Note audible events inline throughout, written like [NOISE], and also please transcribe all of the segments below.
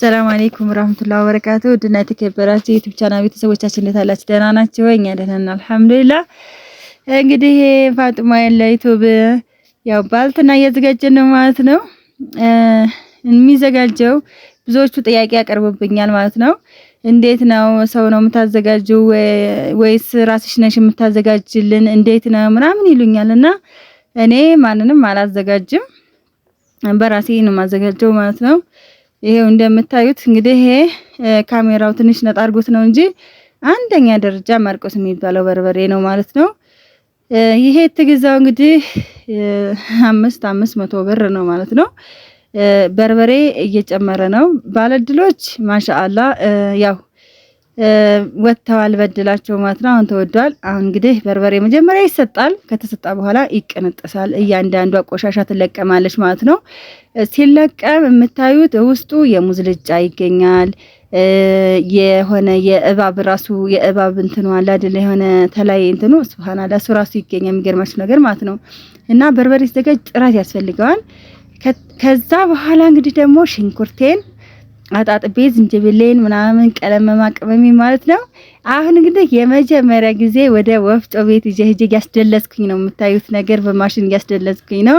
ሰላም አለይኩም ወራህመቱላሂ ወበረካቱ ድና የተከበራችሁ ዩቲዩብ ቻናል ቤተሰቦቻችን እንዴት አላችሁ? ደህና ናችሁ? እኛ ደህና ነን አልሐምዱሊላህ። እንግዲህ ፋጡማ ያለ ዩቲዩብ ያው ባልትና እያዘጋጀን ነው ማለት ነው። የሚዘጋጀው ብዙዎቹ ጥያቄ ያቀርቡብኛል ማለት ነው። እንዴት ነው ሰው ነው የምታዘጋጁ ወይስ ራስሽ ነሽ የምታዘጋጅልን? እንዴት ነው ምናምን ይሉኛልና እኔ ማንንም አላዘጋጅም፣ በራሴ ነው የማዘጋጀው ማለት ነው። ይሄው እንደምታዩት እንግዲህ ይሄ ካሜራው ትንሽ ነጣ አድርጎት ነው እንጂ አንደኛ ደረጃ ማርቆስ የሚባለው በርበሬ ነው ማለት ነው። ይሄ የተገዛው እንግዲህ አምስት አምስት መቶ ብር ነው ማለት ነው። በርበሬ እየጨመረ ነው። ባለድሎች ማሻአላ ያው ወጥተዋል በድላቸው ማለት ነው። አሁን ተወዷል። አሁን እንግዲህ በርበሬ መጀመሪያ ይሰጣል። ከተሰጣ በኋላ ይቀነጠሳል። እያንዳንዷ ቆሻሻ ትለቀማለች ማለት ነው። ሲለቀም የምታዩት ውስጡ የሙዝ ልጫ ይገኛል። የሆነ የእባብ ራሱ የእባብ እንትኑ አለ አይደለ? የሆነ ተላይ እንትኑ ስብሃናላ እሱ ራሱ ይገኛል። የሚገርማችሁ ነገር ማለት ነው። እና በርበሬ ሲዘጋጅ ጥራት ያስፈልገዋል። ከዛ በኋላ እንግዲህ ደግሞ ሽንኩርቴን አጣጥቤ ዝንጅብሌን ምናምን ቀለመማ ቅመሜ ማለት ነው። አሁን እንግዲህ የመጀመሪያ ጊዜ ወደ ወፍጮ ቤት ይዤ ሄጄ እያስደለስኩኝ ነው። የምታዩት ነገር በማሽን እያስደለስኩኝ ነው።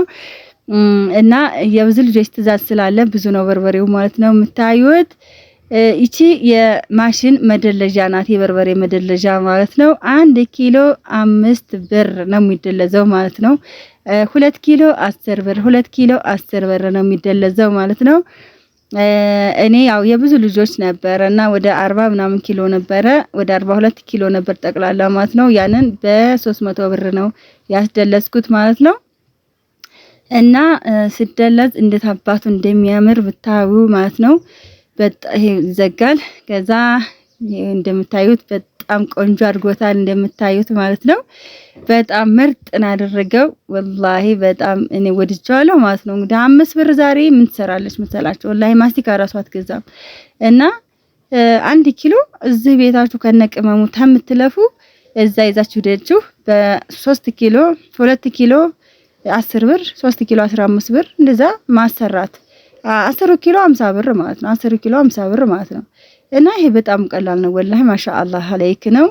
እና የብዙ ልጆች ትእዛዝ ስላለ ብዙ ነው በርበሬው ማለት ነው የምታዩት። ይቺ የማሽን መደለዣ ናት፣ የበርበሬ መደለዣ ማለት ነው። አንድ ኪሎ አምስት ብር ነው የሚደለዘው ማለት ነው። ሁለት ኪሎ አስር ብር፣ ሁለት ኪሎ አስር ብር ነው የሚደለዘው ማለት ነው። እኔ ያው የብዙ ልጆች ነበረ እና ወደ አርባ ምናምን ኪሎ ነበረ ወደ አርባ ሁለት ኪሎ ነበር ጠቅላላ ማለት ነው። ያንን በሶስት መቶ ብር ነው ያስደለስኩት ማለት ነው። እና ስደለዝ እንዴት አባቱ እንደሚያምር ብታዩ ማለት ነው። በጣም ይዘጋል። ከዛ እንደምታዩት በጣም ቆንጆ አድርጎታል እንደምታዩት ማለት ነው። በጣም ምርጥን እናደረገው ወላሂ በጣም እኔ ወድጀዋለሁ ማለት ነው። እንግዲህ አምስት ብር ዛሬ ምን ትሰራለች መሰላችሁ? ወላሂ ማስቲካ ራሱ አትገዛም እና አንድ ኪሎ እዚህ ቤታችሁ ከነቅመሙ ከምትለፉ እዛ ይዛችሁ ደችሁ በሶስት ኪሎ ሁለት ኪሎ አስር ብር ሶስት ኪሎ አስራ አምስት ብር እንደዛ ማሰራት አስሩ ኪሎ አምሳ ብር ማለት ነው። አስሩ ኪሎ አምሳ ብር ማለት ነው። እና ይሄ በጣም ቀላል ነው። ወላሂ ማሻ አላህ አለይክ ነው።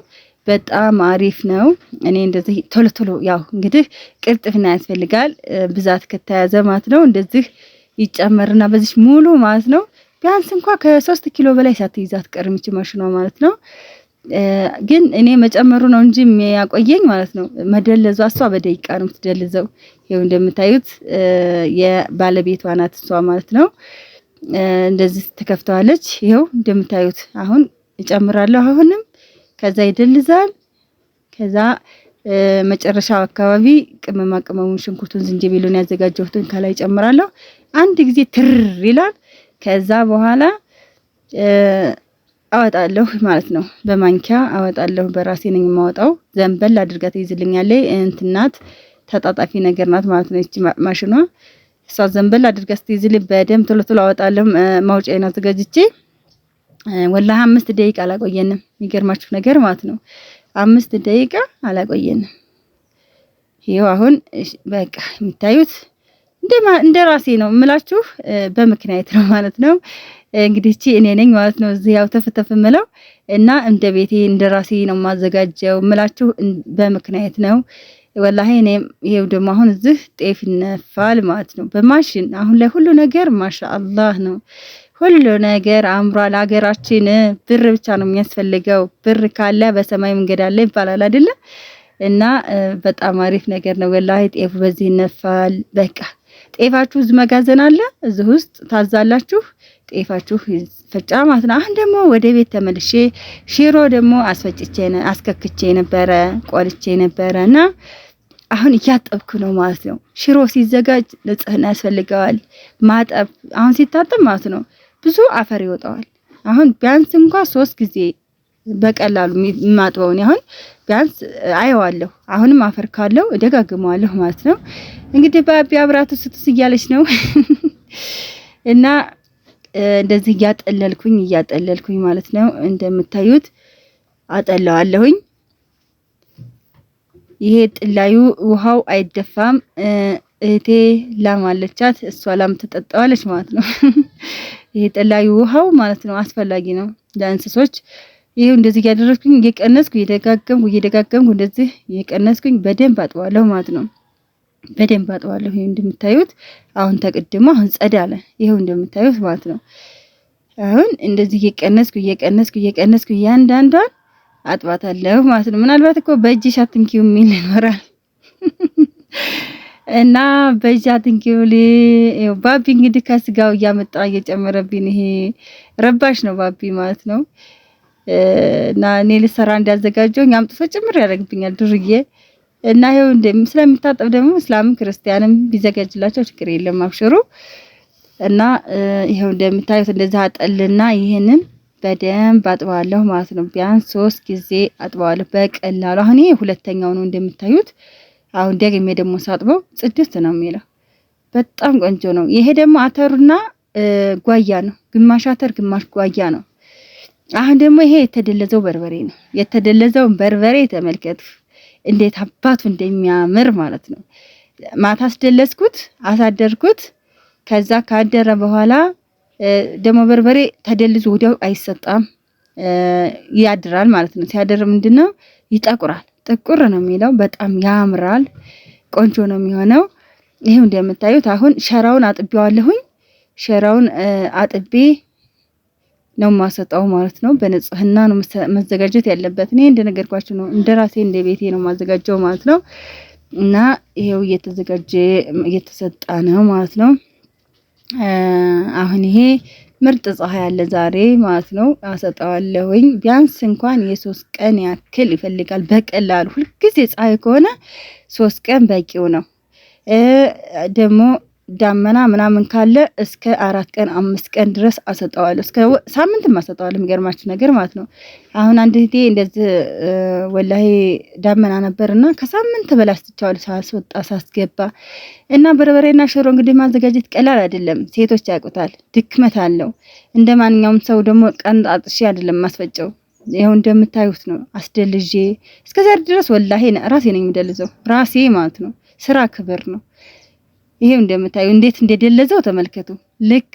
በጣም አሪፍ ነው። እኔ እንደዚህ ቶሎ ቶሎ ያው እንግዲህ ቅልጥፍና ያስፈልጋል ብዛት ከተያዘ ማለት ነው። እንደዚህ ይጨመርና በዚህ ሙሉ ማለት ነው ቢያንስ እንኳ ከሶስት ኪሎ በላይ ሳትይዛት ቀርምች ማሽኗ ማለት ነው። ግን እኔ መጨመሩ ነው እንጂ የሚያቆየኝ ማለት ነው። መደለዟ እሷ በደቂቃ ነው የምትደልዘው። ይኸው እንደምታዩት የባለቤቷ ናት እሷ ማለት ነው። እንደዚህ ትከፍተዋለች። ይኸው እንደምታዩት አሁን እጨምራለሁ። አሁንም ከዛ ይደልዛል። ከዛ መጨረሻው አካባቢ ቅመማ ቅመሙን፣ ሽንኩርቱን፣ ዝንጅብሉን ያዘጋጀሁትን ከላይ ጨምራለሁ። አንድ ጊዜ ትር ይላል። ከዛ በኋላ አወጣለሁ ማለት ነው። በማንኪያ አወጣለሁ። በራሴ ነኝ የማወጣው። ዘንበል አድርጋ ትይዝልኛለች። እንትናት ተጣጣፊ ነገር ናት ማለት ነው። ማሽኗ እሷ ዘንበል አድርጋ ስትይዝልኝ በደም ቶሎ ቶሎ አወጣለሁ። ማውጫዬን አዘጋጅቼ ወላሂ አምስት ደቂቃ አላቆየንም። የሚገርማችሁ ነገር ማለት ነው አምስት ደቂቃ አላቆየንም። ይኸው አሁን በቃ የሚታዩት እንደ ራሴ ነው የምላችሁ፣ በምክንያት ነው ማለት ነው። እንግዲህ እቺ እኔ ነኝ ማለት ነው እዚህ ያው ተፍተፍ የምለው እና እንደ ቤቴ እንደ ራሴ ነው የማዘጋጀው የምላችሁ በምክንያት ነው። ወላሂ እኔም ይሄው ደግሞ አሁን እዚህ ጤፍ ይነፋል ማለት ነው በማሽን አሁን ላይ ሁሉ ነገር ማሻአላህ ነው። ሁሉ ነገር አምሯል። ሀገራችን ብር ብቻ ነው የሚያስፈልገው። ብር ካለ በሰማይ መንገድ አለ ይባላል አይደለ? እና በጣም አሪፍ ነገር ነው ወላሂ። ጤፉ በዚህ ይነፋል። በቃ ጤፋችሁ እዚህ መጋዘን አለ፣ እዚህ ውስጥ ታዛላችሁ። ጤፋችሁ ፈጫ ማለት ነው። አሁን ደግሞ ወደ ቤት ተመልሼ ሽሮ ደግሞ አስፈጭቼ አስከክቼ ነበረ ቆልቼ ነበረ እና አሁን እያጠብኩ ነው ማለት ነው። ሽሮ ሲዘጋጅ ንጽህና ያስፈልገዋል ማጠብ። አሁን ሲታጠብ ማለት ነው ብዙ አፈር ይወጣዋል። አሁን ቢያንስ እንኳ ሶስት ጊዜ በቀላሉ የማጥበውን አሁን ቢያንስ አየዋለሁ። አሁንም አፈር ካለው እደጋግመዋለሁ ማለት ነው። እንግዲህ በአቢ አብራቱ እያለች ነው [LAUGHS] እና እንደዚህ እያጠለልኩኝ እያጠለልኩኝ ማለት ነው። እንደምታዩት አጠለዋለሁኝ። ይሄ ጥላዩ ውሃው አይደፋም። እህቴ ላም አለቻት፣ እሷ ላም ትጠጣዋለች ማለት ነው። [LAUGHS] ይሄ ጥላዩ ውሃው ማለት ነው አስፈላጊ ነው ለእንስሶች። ይሄው እንደዚህ እያደረግኩኝ እየቀነስኩ እየደጋገምኩ እየደጋገምኩ እንደዚህ እየቀነስኩኝ በደንብ አጥበዋለሁ ማለት ነው። በደንብ አጥባለሁ። ይሄ እንደምታዩት አሁን ተቀድሞ አሁን ጸዳ አለ። ይሄው እንደምታዩት ማለት ነው። አሁን እንደዚህ እየቀነስኩ እየቀነስኩ እየቀነስኩ እያንዳንዷን አጥባታለሁ ማለት ነው። ምናልባት እኮ በእጅሽ አትንኪው የሚል ይኖራል [LAUGHS] እና በእጅ አትንኪው ባቢ እንግዲህ ከስጋው እያመጣ እየጨመረብኝ ይሄ ረባሽ ነው ባቢ ማለት ነው። እና እኔ ልሰራ እንዳዘጋጀው አምጥቶ ጭምር ያደርግብኛል ዱርዬ እና ይሄው ስለሚታጠብ ደግሞ እስላምም ክርስቲያንም ቢዘጋጅላቸው ችግር የለም አብሽሩ። እና ይሄው እንደምታዩት እንደዛ አጠልና ይህንን በደንብ አጥበዋለሁ ማለት ነው። ቢያንስ ሶስት ጊዜ አጥበዋለሁ በቀላሉ። አሁን ይሄ ሁለተኛው ነው እንደምታዩት። አሁን ደግሜ ደግሞ ሳጥበው ጽድስት ነው የሚለው በጣም ቆንጆ ነው። ይሄ ደግሞ አተሩና ጓያ ነው፣ ግማሽ አተር ግማሽ ጓያ ነው። አሁን ደግሞ ይሄ የተደለዘው በርበሬ ነው። የተደለዘውን በርበሬ ተመልከቱ። እንዴት አባቱ እንደሚያምር ማለት ነው። ማታ አስደለስኩት፣ አሳደርኩት። ከዛ ካደረ በኋላ ደግሞ በርበሬ ተደልዞ ወዲያው አይሰጣም፣ ያድራል ማለት ነው። ሲያደር ምንድነው ይጠቁራል፣ ጥቁር ነው የሚለው። በጣም ያምራል፣ ቆንጆ ነው የሚሆነው። ይሄው እንደምታዩት አሁን ሸራውን አጥቤዋለሁኝ። ሸራውን አጥቤ ነው ማሰጣው ማለት ነው። በንጽህና ነው መዘጋጀት ያለበት። እኔ እንደነገርኳችሁ ነው እንደ ራሴ እንደ ቤቴ ነው ማዘጋጀው ማለት ነው። እና ይሄው እየተዘጋጀ እየተሰጣ ነው ማለት ነው። አሁን ይሄ ምርጥ ፀሐይ አለ ዛሬ ማለት ነው። አሰጠዋለሁኝ ቢያንስ እንኳን የሶስት ቀን ያክል ይፈልጋል በቀላሉ ሁልጊዜ ፀሐይ ከሆነ ሶስት ቀን በቂው ነው። ደግሞ ዳመና ምናምን ካለ እስከ አራት ቀን አምስት ቀን ድረስ አሰጠዋለሁ፣ እስከ ሳምንትም አሰጠዋለሁ። የሚገርማችሁ ነገር ማለት ነው። አሁን አንድ ጊዜ እንደዚህ ወላሂ ዳመና ነበርና ከሳምንት በላይ ሳስወጣ ሳስገባ እና በርበሬና ሽሮ እንግዲህ ማዘጋጀት ቀላል አይደለም። ሴቶች ያውቁታል፣ ድክመት አለው። እንደ ማንኛውም ሰው ደግሞ ቀን አጥሼ አይደለም ማስፈጨው ይኸው እንደምታዩት ነው። አስደልዤ እስከዛሬ ድረስ ወላሂ ራሴ ነኝ የምደልዘው ራሴ ማለት ነው። ስራ ክብር ነው። ይሄው እንደምታዩ እንዴት እንደደለዘው ተመልከቱ። ልክ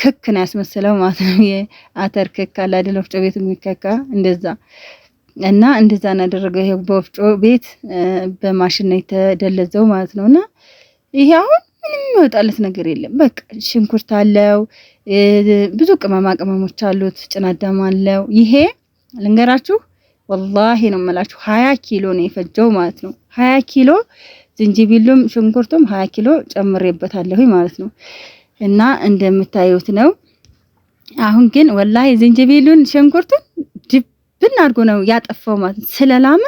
ክክ ነው ያስመስለው ማለት ነው። የአተር ክክ አለ አይደል? ወፍጮ ቤት የሚከካ እንደዛ እና እንደዛ እናደረገው ያደረገው። ይሄው በወፍጮ ቤት በማሽን ነው የተደለዘው ማለት ነውና ይሄ አሁን ምንም የሚወጣለት ነገር የለም። በቃ ሽንኩርት አለው፣ ብዙ ቅመማ ቅመሞች አሉት፣ ጭናዳም አለው። ይሄ ልንገራችሁ፣ ወላሂ ነው የምላችሁ ሀያ ኪሎ ነው የፈጀው ማለት ነው ሀያ ኪሎ ዝንጅቢሉም ሽንኩርቱም ሀያ ኪሎ ጨምሬበታለሁ ማለት ነው። እና እንደምታዩት ነው። አሁን ግን ወላሂ ዝንጅቢሉን ሽንኩርቱን ድብን አድርጎ ነው ያጠፋው ማለት ነው። ስለላመ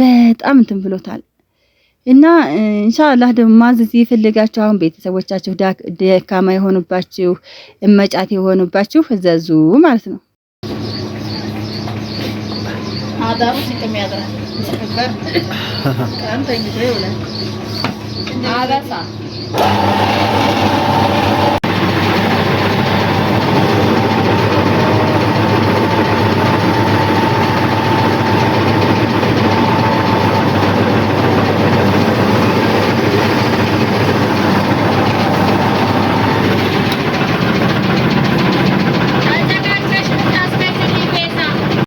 በጣም እንትን ብሎታል። እና ኢንሻአላህ ደግሞ ማዘዝ የፈለጋችሁ አሁን ቤተሰቦቻችሁ ደካማ የሆኑባችሁ እመጫት የሆኑባችሁ እዘዙ ማለት ነው። አዳሩ ሲቅም ያድራል [LAUGHS] ቀን ተኝቶ ይውላል አበሳ